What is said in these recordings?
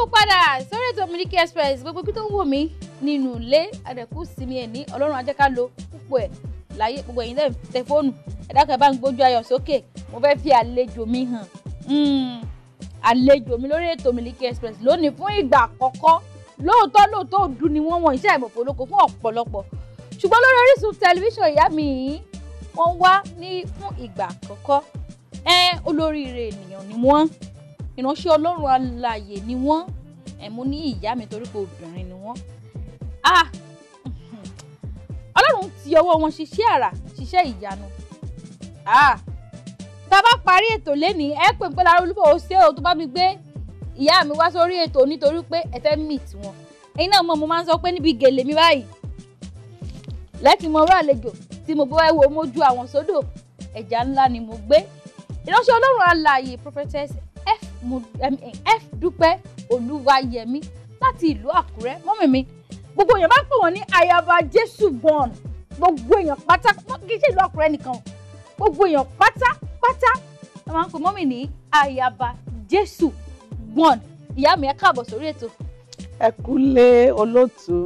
káàbọ̀ padà sórí ètò Express gbogbo kí tó wò mí nínú ilé àdẹ̀kù sinmi ẹ̀ ní ọlọ́run ajẹ́ ká lo púpọ̀ ẹ̀ láyé gbogbo ẹ̀yin tẹ̀ fóònù ẹ̀dá kan ẹ̀ bá ń gbójú ayọ̀ sókè mo fẹ́ fi àlejò mi hàn hmm, àlejò mi lórí ètò Miliki Express lónìí fún ìgbà àkọ́kọ́ lóòótọ́ lóòótọ́ òdùn ni wọ́n wọ̀n iṣẹ́ ìmọ̀fọ́ olóko fún ọ̀pọ̀lọpọ̀ ṣùgbọ́n lórí Orísun tẹlifíṣàn ìyá mi yìí wọ́n wá ní fún ìgbà àkọ́kọ́ ẹ olóríire ènìyàn ni wọ́n ìránṣẹ́ ọlọ́run alààyè ni wọ́n ẹ̀mú ní ìyá mi torí pé obìnrin ni wọ́n ah, ọlọ́run ti ọwọ́ wọn ṣiṣẹ́ àrà ṣiṣẹ́ ìyanu ah, tá a bá parí ètò lẹ́nìí ẹ pè pé lára olúfọ̀ ọ̀sẹ̀ ò tó bá mi gbé ìyá mi wá sórí ètò nítorí pé ẹ fẹ́ meet wọn ẹ̀yin náà mọ̀ mo máa ń sọ pé níbi gèlè mi báyìí lẹ́tì mo rọ àlejò tí mo bá wo mojú àwọn sódò ẹja ńlá ni mo gbé ìránṣẹ́ ọlọ́run alààyè prophetess f dúpẹ́ olúwayẹmí láti ìlú àkúrẹ́ mọ́mì mi gbogbo èèyàn bá ń pè wọ́n ní ayaba jésù born gbogbo èèyàn pátá kì í ṣe ìlú àkúrẹ́ nìkan gbogbo èèyàn pátápátá wọ́n máa ń pè mọ́mì ní ayaba jésù born ìyá mi ẹ káàbọ̀ sórí ètò. ẹ kúlé olóòtú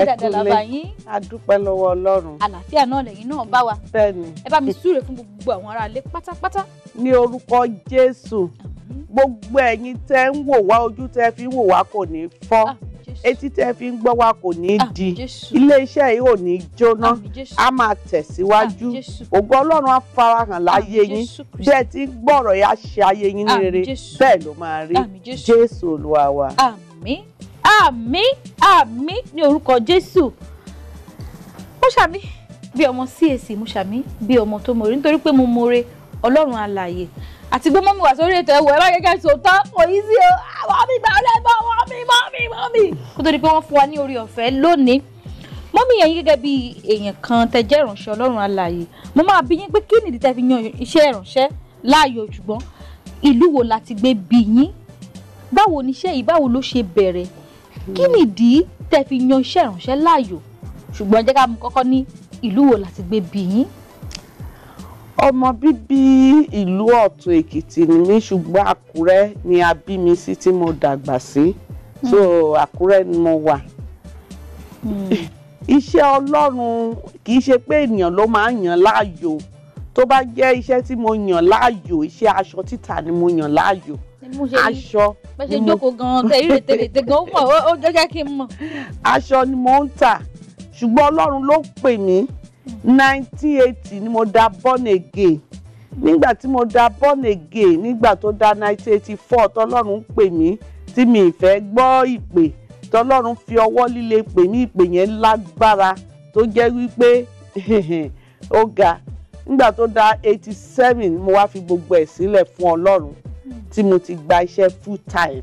ẹ kúlé adúpẹ́ lọ́wọ́ ọlọ́run. àlàáfíà náà lẹ́yìn náà bá wa. bẹ́ẹ̀ni. ẹ bá mi súre fún gbogbo àwọn aráalé pátápátá. ní orúkọ jésù gbogbo ẹ̀yin tẹ́ ń wò wá ojú tẹ́ fi ń wò wá kò ní fọ́ ah, etí tẹ́ fi ń gbọ́ wá kò ní ah, di iléeṣẹ́ yìí ò ní jóná ah, a máa tẹ̀síwájú ògo Ọlọ́run á farahàn láyé yín bẹ́ẹ̀ tí gbọ́rọ̀ yá ṣe ayé yín ní rere bẹ́ẹ̀ ló máa rí Jésù Olúwa wa. àmín àmín àmín ní orúkọ Jésù mo ṣàmì bí ọmọ CAC mo ṣàmì bí ọmọ tó mọ̀re nítorí pé mo mọ̀re Ọlọ́run alààyè àti gbé mọ́mí wá sórí ètò ẹ̀wọ̀ ẹ bá gẹ́gẹ́ sọ tán kò yí sí o ah, mọ́mí gbà ó lẹ́bọ̀ mọ́mí mọ́mí mọ́mí. kó tó di pé wọ́n fún wa ní orí ọ̀fẹ́ lónìí mọ́mí yẹn gẹ́gẹ́ bí èèyàn kan tẹ jẹ́ ìránṣẹ́ ọlọ́run alààyè mo máa bí yín pé kí nìdí tẹ fi yan iṣẹ́ ìránṣẹ́ láàyò ṣùgbọ́n ìlú wo la ti gbé bí yín báwo ni iṣẹ́ yìí báwo ló ṣe bẹ̀rẹ̀ kí nìdí tẹ fi yan iṣẹ́ ìránṣẹ́ láàyò ṣùgbọ́n jẹ́ ká mú kọ́kọ́ ní ìlú wo la ti gbé bí yín ọmọ bíbí ìlú ọ̀tún èkìtì ni mí ṣùgbọ́n àkúrẹ́ ni a bí mi sí tí mo dàgbà sí hmm. so àkúrẹ́ ni mo wà. Hmm. iṣẹ́ ọlọ́run kì í ṣe pé ènìyàn ló máa ń yàn láàyò tó bá jẹ́ iṣẹ́ tí mo yàn láàyò iṣẹ́ aṣọ títà ni mo yàn láàyò aṣọ ni mo aṣọ ni mo ń tà ṣùgbọ́n ọlọ́run ló pè mí nineteen eighty ni mo da born again nígbà tí mo da born again nígbà tó da nineteen eighty four tọ́lọ́run pè mí tí mi ìfẹ́ gbọ́ ìpè tọ́lọ́run fi ọwọ́ líle pè mí ìpè yẹn lágbára tó jẹ́ wípé ó ga nígbà tó da eighty seven mo wá fi gbogbo ẹ̀ sílẹ̀ fún ọlọ́run tí mo ti gba iṣẹ́ full time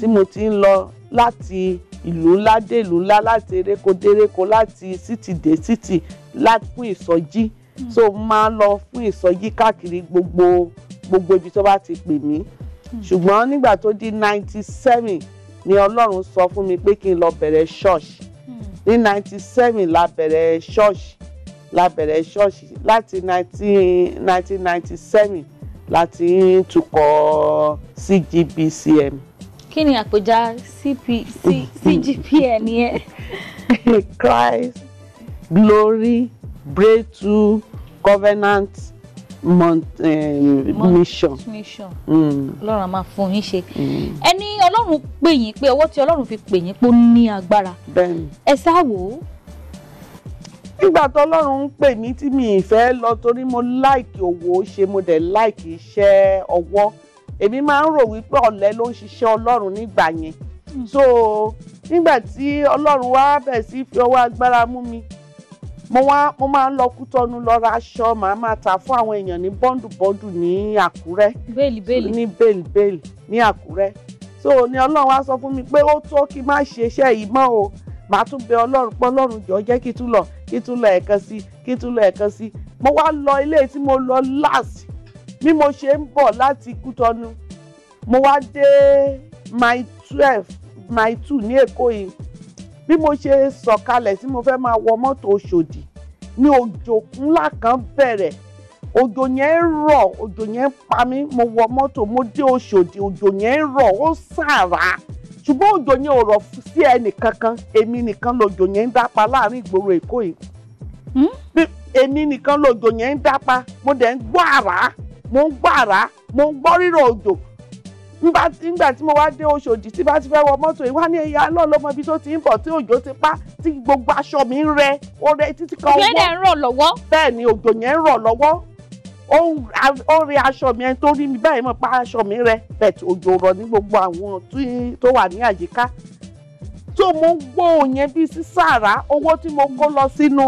tí mo ti ń lọ láti ìlú ńlá dé ìlú ńlá láti eréko dé eréko láti city, dé sítì láti fún ìsọjí hmm. so máa lọ fún ìsọjí káàkiri gbogbo gbogbo ibi tó bá ti pè mí hmm. ṣùgbọ́n nígbà tó di ninety seven ni ọlọ́run sọ fún mi pé kí n lọ bẹ̀rẹ̀ ṣọ́ọ̀ṣì hmm. ní ninety seven la bẹ̀rẹ̀ ṣọ́ọ̀ṣì la bẹ̀rẹ̀ ṣọ́ọ̀ṣì láti nineteen ninety seven láti tukọ̀ CGBCM kí ni àpèjá CGPN yẹn. Christ Glory Breakthrough Covenant Mont, eh, Mont Mission. Mission. Mm. Ọlọ́run a máa fún yín ṣe. Mm. Ẹni Ọlọ́run pè yín pé ọwọ́ tí Ọlọ́run fi pè yín pé ó ní agbára. Bẹ́ẹ̀ni. Ẹ sá wò ó nígbà tó ọlọ́run ń pè mí tí mi ì fẹ́ lọ torí mo láìkì òwò ṣe mo dẹ̀ láìkì iṣẹ́ ọwọ́ èmi máa ń rò wípé ọ̀lẹ ló ń ṣiṣẹ́ ọlọ́run nígbà yẹn hmm. so nígbà tí ọlọ́run wá bẹ̀ sí fi ọwọ́ agbára mú mi mo wá mo máa ń lọ kútọ́nu lọ ra aṣọ màá máa tà fún àwọn èèyàn ní bọ́ndùbọ́ndù ní àkúrẹ́ bẹ́ẹ̀lì bẹ́ẹ̀lì ní bẹ́ẹ̀lì bẹ́ẹ̀lì ní àkúrẹ́ so ni ọlọ́run wá sọ fún mi pé ó tó kí n má ṣe iṣẹ́ yìí mọ́ o màá tún bẹ ọlọ́run pé ọlọ́run jọ jẹ́ kí tún lọ kí tún lọ ẹ̀kan sí kí tún lọ ẹ̀kan sí mo wá lọ ilé tí mo lọ last bí mo ṣe ń bọ̀ láti kútọ́nu mo wá dé mile twelve my two ní èkó yìí bí mo ṣe sọ̀kalẹ̀ tí mo fẹ́ máa wọ mọ́tò Òṣòdì ní òjò ńlá kan bẹ̀rẹ̀ òjò yẹn ń rọ̀ òjò yẹn ń pa mí mo wọ mọ́tò mo dé Òṣòdì òjò yẹn ń rọ̀ ó sàrà ṣùgbọ́n òjò yẹn ò rọ̀ sí ẹnì kankan èmi nìkan lòjò yẹn ń dápa láàrin ìgboro Èkó yìí hmm? èmi nìkan lòjò yẹn ń dápa mo dẹ̀ ń gbọ́ àrá mo ń gbàrà mo ń gbọ́ rírọ̀ òjò nígbà tí mo wá dé Oṣòdì tí bá ti fẹ́ wọ mọ́tò yìí wá ní ẹ̀yà lọ́lọ́mọ ibi tó ti ń bọ̀ tí òjò ti pa tí gbogbo aṣọ mi ń rẹ ó rẹ títí kan wọ́ bẹ́ẹ̀ ń rọ̀ lọ́wọ́ bẹ́ẹ̀ ni òjò yẹn ń rọ̀ lọ́wọ́ ó rẹ aṣọ mi ẹni tó rí mi báyìí mọ̀ pa aṣọ mi rẹ bẹ́ẹ̀ òjò rọ̀ ní gbogbo àwọn tó wà ní àyíká tó mo ń gbọ́ yẹn bíi sísàrà owó tí mo kó lọ sínú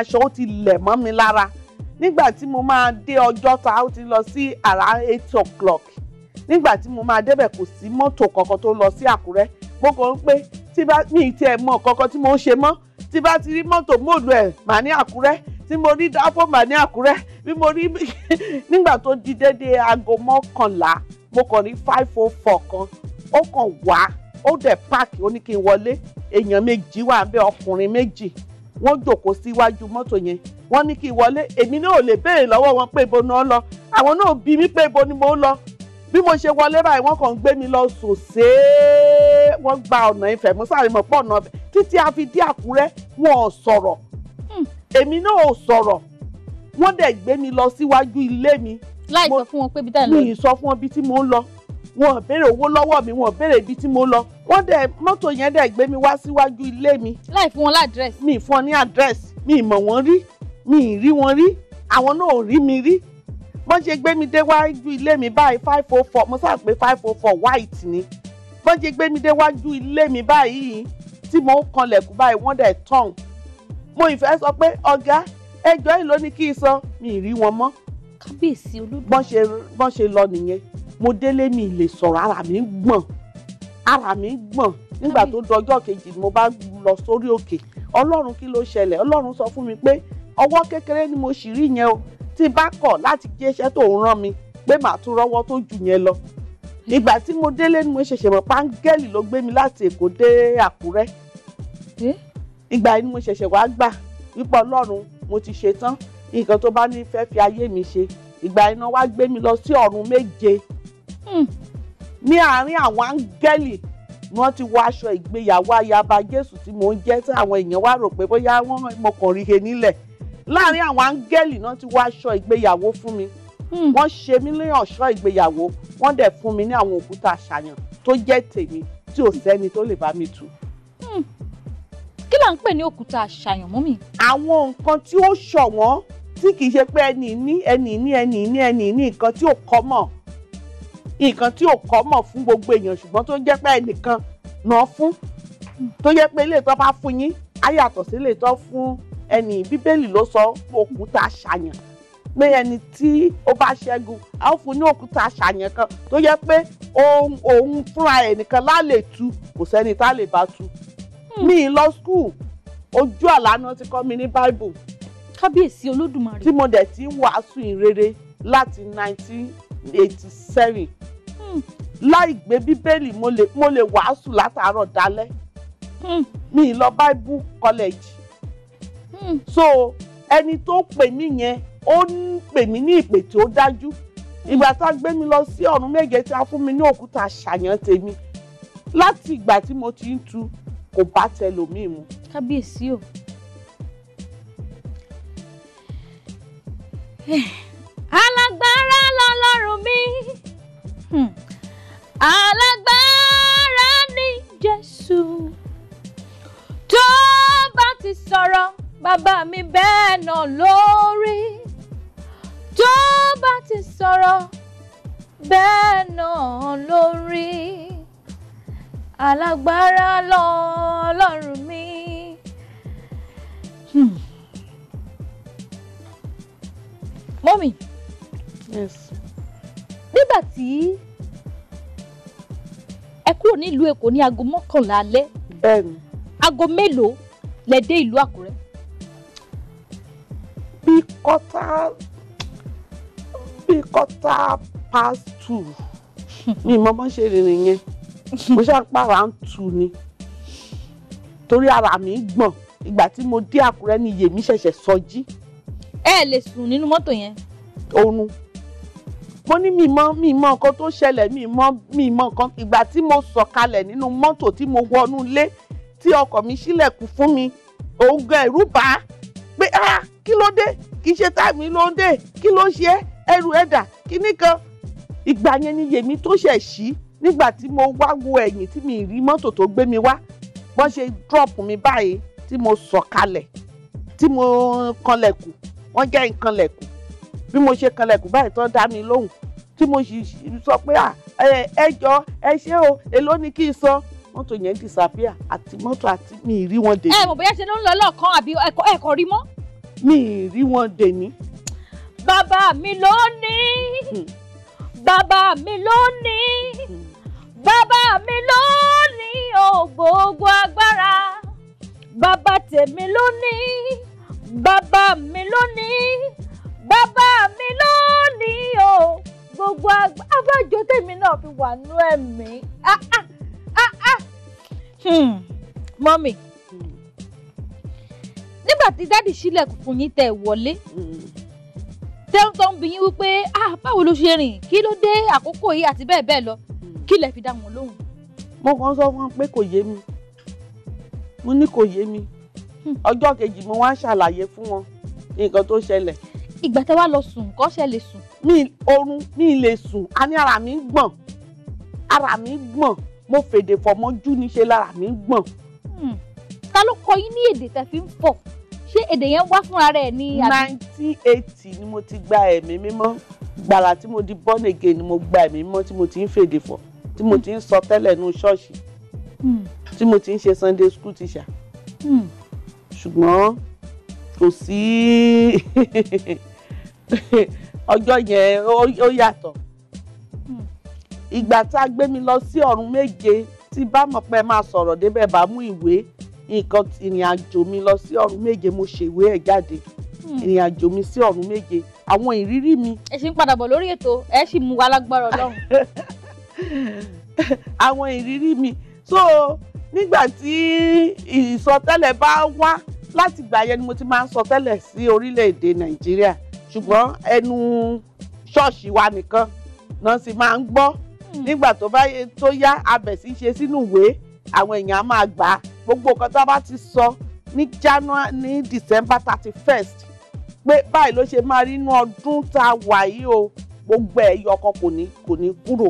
aṣọ ó ti lẹ̀ mọ́ mi lára nígbà tí mo máa dé ọjọ́ta ó ti lọ sí àrà eight o'clock nígbà tí mo máa débẹ̀ kò sí mọ́tò kankan tó lọ sí àkúrẹ́ mo kàn ń pé tí bá mi ti ẹ̀ mọ̀ kankan tí mo ń ṣe mọ́ tí bá ti rí mọ́tò mòlù ẹ̀ mà ní àkúrẹ́ tí mo rí dáfọ́ mà ní àkúrẹ́ bí mo rí nígbà tó di dédé aago mọ́kànlá mo kàn rí five oh four kan ó kàn wá ó dẹ̀ páàkì ó ní kí n wọlé èèyàn méjì wà ń bẹ ọkùnrin méjì wọ́n jòkó síwájú mọ́tò yẹn wọ́n ní kí n wọlé èmi náà ò lè béèrè lọ́wọ́ wọn pé ibo náà lọ àwọn náà bí mi pé ibo ni mo lọ bí mo ṣe wọlé báyìí wọ́n kàn ń gbé mi lọ sòsé wọ́n gba ọ̀nà Ifẹ̀ mo sáré mọ̀ pọ̀ ọ̀nà títí a fi dé Àkúrẹ́ wọn ò sọ̀rọ̀ hmm. èmi náà ò sọ̀rọ̀ wọ́n dẹ̀ gbé mi lọ síwájú ilé mi láì sọ fún wọn pé bí táyà lọ mi ì sọ fún wọn bí tí mo ń lọ wọn béèrè owó lọ́wọ́ mi wọn béèrè ibi tí mo lọ wọ́n dẹ̀ mọ́tò yẹn dẹ̀ gbé mi wá síwájú ilé mi. láì fún wọn ládírẹ́sì. mi fún ọ ní àdírẹ́sì mi mọ̀ wọ́n rí mi rí wọn rí àwọn náà ò rí mi rí bọ́n ṣe gbé mi déwájú ilé mi báyìí five oh four mo sáà pé five oh four white ni bọ́n ṣe gbé mi déwájú ilé mi báyìí tí mo ń kanlẹ̀kùn báyìí wọ́n dẹ̀ tán mo ìfẹ́ sọ pé ọ̀gá ẹjọ́ ìlónìí kí n san mi rí wọn mọ́. kábíyèsí olódùn. bọ́n ṣe lọ nìyẹn mo délé mi lè sọ̀rọ̀ ara mi gbọ̀n ara mi gbọ̀n nígbà tó dọjọ́ kejì mo bá lọ sórí òkè ọlọ́run kí ló ṣẹlẹ̀ ọlọ́run sọ fún mi pé ọwọ́ kékeré ni mo sì rí yẹn o tí bá kọ̀ láti jẹ́ iṣẹ́ tó ń rán mi pé màá tún rọ́wọ́ tó jù yẹn lọ ìgbà tí mo délé ni mo ṣẹ̀ṣẹ̀ mọ̀ páńgẹ́lì ló gbé mi láti èkó dé àkúrẹ́ ìgbà yìí ni mo ṣẹ̀ṣẹ̀ wá gbà wípé ọlọ́run mo ti ṣe tán nǹkan tó bá ní fẹ́ fi ayé mi ṣe ìgbà yìí náà wá gbé mi lọ sí ọ̀run méje Hmm. ní àárín àwọn áńgẹ́lì ni wọ́n ti wọ aṣọ ìgbéyàwó ayaba Jésù tí mò ń jẹ́ tí àwọn èèyàn wá rò pé bóyá wọ́n mọkànrin he nílẹ̀ láàárín àwọn áńgẹ́lì náà ti wọ aṣọ ìgbéyàwó fún mi hmm. wọ́n ṣe mí ní ọ̀ṣọ́ ìgbéyàwó wọ́n dẹ̀ fún mi ní àwọn òkúta àṣàyàn tó jẹ́ tèmi tí ò sẹ́ni tó lè bá mi tú. Hmm. kí là ń pè ní òkúta àṣàyàn mọ́mì. àwọn nǹkan tí ó ṣọ̀wọ́n tí kì í ṣe pé ẹnì ní ẹnì ní ẹnì ní ẹnì ní nǹkan tí ò kọ́ mọ̀ nǹkan tí ò kọ́ mọ̀ fún gbogbo èèyàn ṣùgbọ́n tó ń jẹ́ pé ẹnìkan náà fún tó jẹ́ pé ilé ìtọ́ bá fún yín á yàtọ̀ sí ilé ìtọ́ fún ẹni bíbélì ló sọ òkúta àṣàyàn pé ẹni tí ó bá ṣẹ́gun á fún ní òkúta àṣàyàn kan tó jẹ́ pé òun fúnra ẹnìkan lálè tu kò sẹ́ni tá lè bá tu hmm. mi lọ skul ojú àlànà ti kọ́ mi ní bible kábíyèsí olódùmarè tí mo dẹ̀ ti ń wàásù ìrere láti nineteen eighty seven Hmm. láì gbé bíbélì mo lè wàásù látàárọ̀ dalẹ́ hmm. mi ì lọ bible college hmm. so ẹni tó pè mí yẹn ó ń pè mí ní ìpè tí ó dájú ìgbà tá a gbé mi lọ sí ọ̀run méje tí a fún mi ní òkúta ṣàyàn tèmi láti ìgbà tí mo ti ń tu kò bá tẹlòmíì mu. kábíyèsí o. Eh, alágbára lọ́lọ́run mi. Hmm. alágbára ni Jésù tó bá ti sọ̀rọ̀ bàbá mi bẹ́ẹ̀ náà lórí tó bá ti sọ̀rọ̀ bẹ́ẹ̀ náà lórí alágbára lọ́lọ́run mi. Hmm. Mọ́mì. Yes nígbà tí ẹ kúrò nílùú èkó ní aago mọ́kànlá alẹ́ aago mélòó lẹ dé ìlú àkúrẹ́. bí kọ́tà bí kọ́tà past two mi mọ́ bọ́ ṣe rìnrìn yẹn mo ṣe pààrà ń tu ni torí ara mi gbọ̀n ìgbà tí mo dé àkúrẹ́ ni yèmí ṣẹ̀ṣẹ̀ sọjí. ẹ lè sùn nínú mọ́tò yẹn. oorun mo ní mi mọ mi mọ nǹkan tó ṣẹlẹ̀ mi mọ mi mọ nǹkan ìgbà tí mo sọ̀kalẹ̀ nínú mọ́tò tí mo wọnú ilé tí ọkọ mi ṣílẹ̀kùn fún mi òun gan ẹ̀rù bà pé ah kí ló dé kì í ṣe táìmì ló ń dé kí ló ṣe ẹrù ẹ̀dà kíní kan ìgbà yẹn ni yèmí tó ṣẹ̀ ṣí nígbà tí mo wá wo ẹ̀yìn tí mi rí mọ́tò tó gbé mi wá wọ́n ṣe drop mi báyìí tí mo sọ̀kalẹ̀ tí mo kanlẹ̀kùn wọ́n jẹ́ ìkanlẹ̀kùn bí mo ṣe kanlẹ̀kùn báyìí tó dá mi lóhùn tí mo sì sọ pé ẹ jọ ẹ ṣé o èló ni kí n sọ mọ́tò yẹn disappear àti mọ́tò àti mi ì rí wọn dè ní. ẹ mọ̀ bóyá ṣe ló ń lọ lọ́ọ̀kan àbí ẹ̀kọ́ rí mọ́. mi ì rí wọn dè ní. bàbá mi ló ní hmm. bàbá mi ló ní hmm. bàbá mi ló ní ògbógbó agbára bàbá tèmi ló ní bàbá mi ló ní bàbá mi ló ní o gbogbo abájọ tèmi náà fi wà nú ẹ̀mí ah, ah, ah, hmm. mọ́mì nígbà tí dáàdì ṣílẹ̀kùn fún yín tẹ̀ wọlé tẹ́hún tó ń bi yín wípé báwo ló ṣe rìn kí ló dé àkókò yìí àti bẹ́ẹ̀ bẹ́ẹ̀ lọ kí lẹ fi dá wọn lóhùn. mo kàn sọ fún wọn pé kò yé mi mo ní kò yé mi hmm. ọjọ́ kejì mo wá ṣàlàyé fún wọn nǹkan tó ṣẹlẹ̀ ìgbà tẹ wá lọ sùn nǹkan ṣe lè sùn. mi oorun mi lè sùn a ní ara mi ń gbọ̀n ara mi ń gbọ̀n mo fèdè fọmọjú níṣe lára mi ń gbọ̀n. Hmm. ta ló kọ yín ní èdè tẹ fi ń fọ̀ ṣé èdè yẹn wá fúnra rẹ̀ ní. nineteen eighty ni mo ti gba ẹ̀mí mímọ́ gbàrà tí mo di born again ni mo gba ẹ̀mí mímọ́ tí mo ti ń fèdè fọ̀ tí mo ti ń sọ tẹ́lẹ̀ nu ṣọ́ọ̀ṣì hmm. tí mo ti ń ṣe sunday school teacher hmm. ṣùgbọ́n kò sí ọjọ́ yẹn ó yàtọ̀ hmm. ìgbà tá a gbé mi lọ sí ọ̀run méje tí bá mọ̀ pé máa sọ̀rọ̀ débẹ̀ bá mú ìwé nǹkan ìrìn àjò mi lọ sí ọ̀run méje mo ṣèwé ẹ̀ jáde hmm. ìrìn àjò mi sí ọ̀run méje àwọn ìrírí mi. ẹ ṣì ń padà bọ̀ lórí ètò ẹ sì mú alágbára ọlọ́run. àwọn ìrírí mi so nígbà tí ìsọtẹ́lẹ̀ bá wá láti gbà yẹn ni mo ti máa ń sọtẹ́lẹ̀ sí orílẹ̀ nàìjíríà ṣùgbọ́n ẹnu ṣọ́ọ̀ṣì wa nìkan náà sì máa ń gbọ́ hmm. nígbà tó bá tó yá abẹ̀ sí ṣe sínú ìwé àwọn èèyàn á máa gbà á gbogbo nǹkan tá a bá ti sọ ní January ní December thirty first pé báyìí ló ṣe máa rí inú ọdún tá a wà yìí o gbogbo ẹ̀yọ ọkọ kò ní kò ní kúrò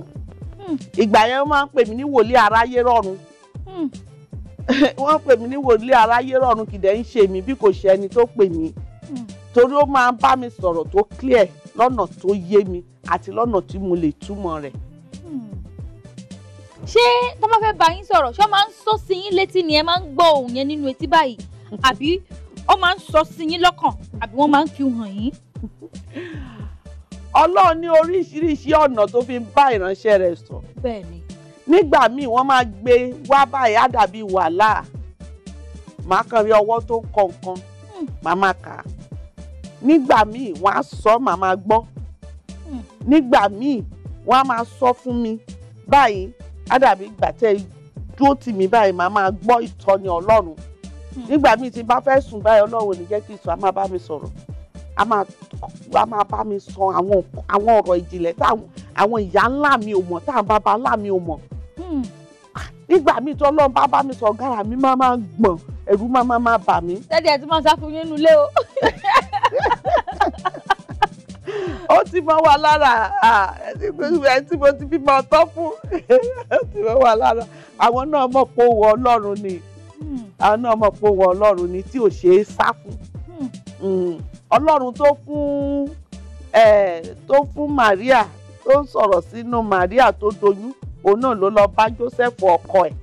hmm. ìgbà yẹn wọ́n máa ń pè mí ní wòlíì aráyé rọ̀run hmm. wọ́n pè mí ní wòlíì aráyé rọ̀run kìdẹ̀ ń ṣe mí bí kò ṣe ẹni tó pè mí torí ó máa ń bá mi sọ̀rọ̀ tó clear lọ́nà tó yé mi àti lọ́nà tí mo lè túmọ̀ rẹ̀. Hmm. ṣé tó bá fẹ́ bá yín sọ̀rọ̀ ṣé ó máa ń sọ sí yín létí ni ẹ máa ń gbọ́ ohùn yẹn nínú etí báyìí àbí ó máa ń sọ sí yín lọ́kàn àbí wọ́n máa ń fi hàn yín. ọlọ́run ní oríṣiríṣi ọ̀nà tó fi ń bá ìránṣẹ́ rẹ̀ sọ. nígbà míì wọ́n máa gbé wá báyìí á wàhálà màá kàn rí ọwọ́ tó ń kọ nǹkan hmm. màá má kà nígbà míì wọ́n á sọ màmá gbọ́ hmm. nígbà míì wọ́n á máa sọ fún mi báyìí ádàbí ìgbà tẹ́ dúró tì mí báyìí màá máa gbọ́ ìtọ́ni ọlọ́run hmm. nígbà míì tí bá fẹ́ sùn báyìí ọlọ́run ò ní jẹ́ kí n sùn á máa bá mi sọ̀rọ̀ a máa a máa bá mi sọ àwọn àwọn ọ̀rọ̀ ìjìnlẹ̀ táwọn àwọn ìyá ńlá mi ò mọ̀ táwọn bàbá ńlá mi ò mọ̀ hmm. nígbà míì tí ọlọ́run bá bá mi sọ gàrà mi máa máa gbọ̀n ẹ̀rù máa máa bà mí. dádì ẹ̀ tí máa sá fún yín nulẹ̀ o. ti mọ́ wa lára ẹ tí mo ti fi mọ́ ọtọ́ fún ẹ ti mọ́ wa lára àwọn náà mọ̀ pé òwò ọlọ́run ni hmm. àwọn náà mọ̀ pé òwò ọlọ́run ni tí ò ṣe é sá fún hmm. Hmm. ọlọ́run tó fún tó fún Maria tó ń sọ̀rọ̀ sínú Maria tó doyún òun náà ló lọ bá Joseph ọkọ ẹ̀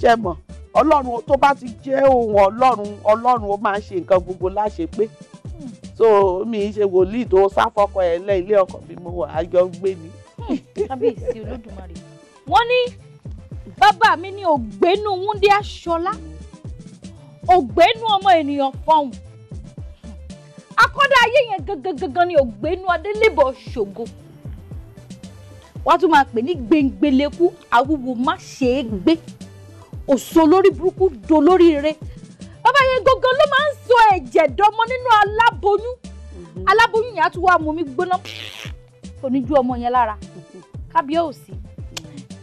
ṣe mọ̀ ọlọ́run tó bá ti jẹ́ ohun ọlọ́run ọlọ́run ó máa ṣe nǹkan gbogbo láṣepé so mi ṣe wòlíì tó sáfọkọ ẹ lẹ ilé ọkọ bí mo wà á jọ ń gbé ni. Hmm, kábíyèsí olódùmarè wọ́n ní bàbá mi ní ògbénu wúndé aṣọlá ògbénu ọmọ ènìyàn fọhùn akọ́dá ayé yẹn gangan ni ògbénu adélébọ ṣògo wọ́n tún máa pè ní gbẹngbẹlẹ́kú awúwo má ṣe é gbé òṣò lórí burúkú dolórí rẹ̀ ìjọba yẹn gangan ló máa ń sọ ẹ̀jẹ̀ dọmọ nínú aláboyún mhm. aláboyún yẹn á tún wá mú mi gbóná oníjú ọmọ yẹn lára kábíyà ò sí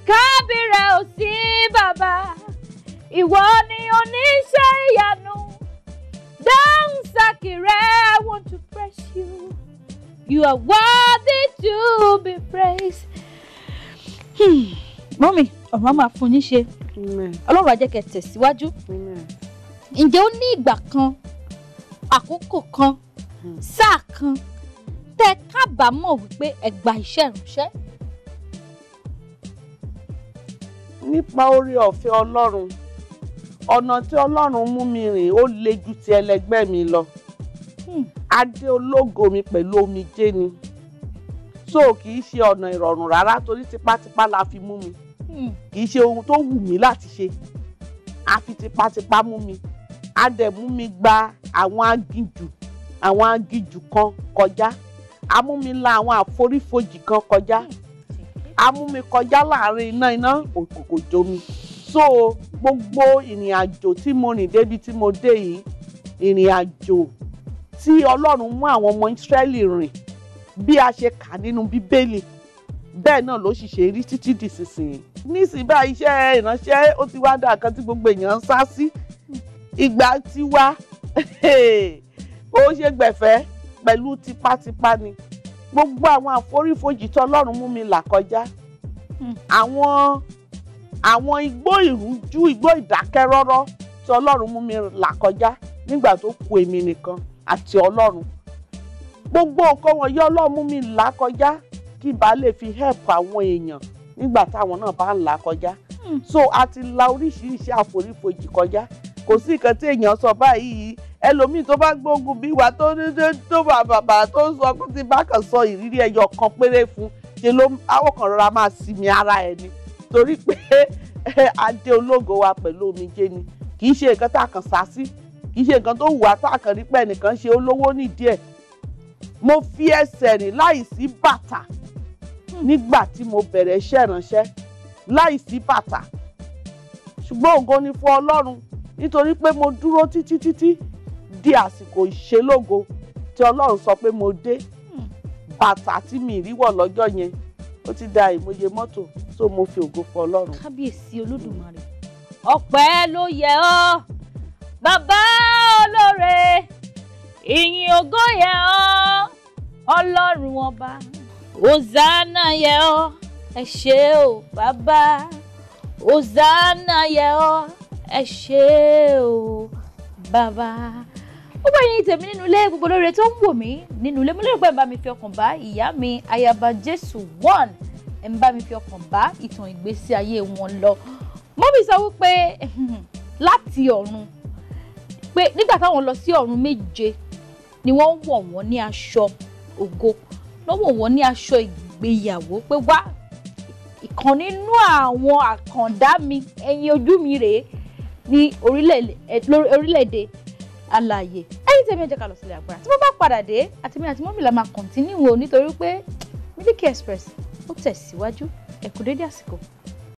kábírẹ ò sí bàbá ìwọ ni oníṣẹ́ ìyanu dáhùn sákìrẹ I want to praise you you are worthy to be praised. mọ́mí ọ̀rọ̀ máa fún yín ṣe ọlọ́run á jẹ́ kẹ́ tẹ̀síwájú ǹjẹ́ ó ní ìgbà kan àkókò kan hmm. sáà kan tẹ́ kábàámọ̀ wípé ẹ gba iṣẹ́ ìránṣẹ́. nípa orí ọ̀fẹ́ ọlọ́run ọ̀nà tí ọlọ́run mú mi rìn ó le ju ti ẹlẹgbẹ́ mi lọ hmm. adé ológo mi pẹ̀lú omijé ni so kì í ṣe ọ̀nà ìrọ̀rùn rárá torí tipátipá la fi mú mi hmm. kì í ṣe ohun tó wù mí láti ṣe a fi tipátipá mú mi. Hmm a dẹ̀ mú mi gba àwọn aginjù àwọn aginjù kan kọjá a mú mi la àwọn àforífojì kan kọjá a mú mi kọjá láàrin iná iná òkòkò jomi so gbogbo ìrìn àjò tí mo rìn débi tí mo dé yìí ìrìn àjò tí ọlọ́run mú àwọn ọmọ Ísírẹ́lì rìn bí a ṣe kà nínú bíbélì bẹ́ẹ̀ náà ló sì ṣe rí títí di sísìn iṣẹ́ ìránṣẹ́ ó ti wá dà kan tí gbogbo èèyàn ń sá sí ìgbà tiwa ó ṣe gbẹ̀fẹ́ pẹ̀lú tipátipá ni gbogbo àwọn àforífojì tí Ọlọ́run mú mi là kọjá hmm. àwọn àwọn igbó ìrújú igbó ìdákẹ́rọ́rọ́ tí Ọlọ́run mú mi là kọjá nígbà tó kù èmi nìkan àti Ọlọ́run gbogbo nǹkan wọn yọ Ọlọ́run mú mi là kọjá kí n bá lè fi help àwọn èèyàn nígbà táwọn náà bá ń là kọjá hmm. so a ti la oríṣiríṣi àforífojì kọjá kò sí nǹkan tí èèyàn sọ báyìí ẹlòmíì tó bá gbógun bí wa tó tó bàbà tó sọ pé ti bá kàn sọ ìrírí ẹyọ kan péré fún ṣe ló àwọn kan rọra máa sinmi ara ẹ ni torí pé adé ológo wa pẹ̀lú omijé ni kì í ṣe nǹkan tá a kàn sá sí kì í ṣe nǹkan tó wù wá tá a kàn rí pé ẹnìkan ṣe olówó nídìí ẹ̀ mo fi ẹsẹ̀ rìn láìsí bàtà nígbà tí mo bẹ̀rẹ̀ iṣẹ́ ìránṣẹ́ láìsí bàtà ṣùgbọ́n ògo ni fún Ọlọ́run nítorí pé mo dúró títí títí di àsìkò ìṣelógo tí ọlọ́run sọ pé mo dé bàtà tí mi ìríwọ̀ lọ́jọ́ yẹn ó ti da ìmọye mọ́tò tó mo fi ògo fún ọlọ́run. kábíyèsí olódùmarè ọpẹ́ ló yẹ ọ́ bàbá olóore ìyìn ògo yẹ ọ́ ọlọ́run ọba hosanna yẹ ọ́ ẹ ṣé o bàbá hosanna yẹ ọ́ ẹ ṣe o bàbá ó bá yín tèmi nínú ilé gbogbo lóore tó ń wò mí nínú ilé mo lérò pé ẹ bá mi fi ọkàn bá ìyá mi ayaba jésù one ẹ ń bá mi fi ọkàn bá ìtàn ìgbésí ayé wọn lọ mọ́mí sọ wípé láti ọ̀run pé nígbà táwọn lọ sí ọ̀run méje ni wọ́n wọ̀ wọ́n ní aṣọ ògo wọ́n wọ̀ wọ́n ní aṣọ ìgbéyàwó pé wá ìkan nínú àwọn àkàndá mi ẹ̀yin ojú mi rèé ní orílẹ̀-èdè eh, alààyè ẹ̀yìn tẹ̀mí ẹ jẹ́ ká lọ sílẹ̀ àgbára tí wọ́n bá padà dé àti mi àti mọ́mí la máa kọ̀ntínú o nítorí pé Miliki Express ó tẹ̀síwájú ẹ kú dédé àsìkò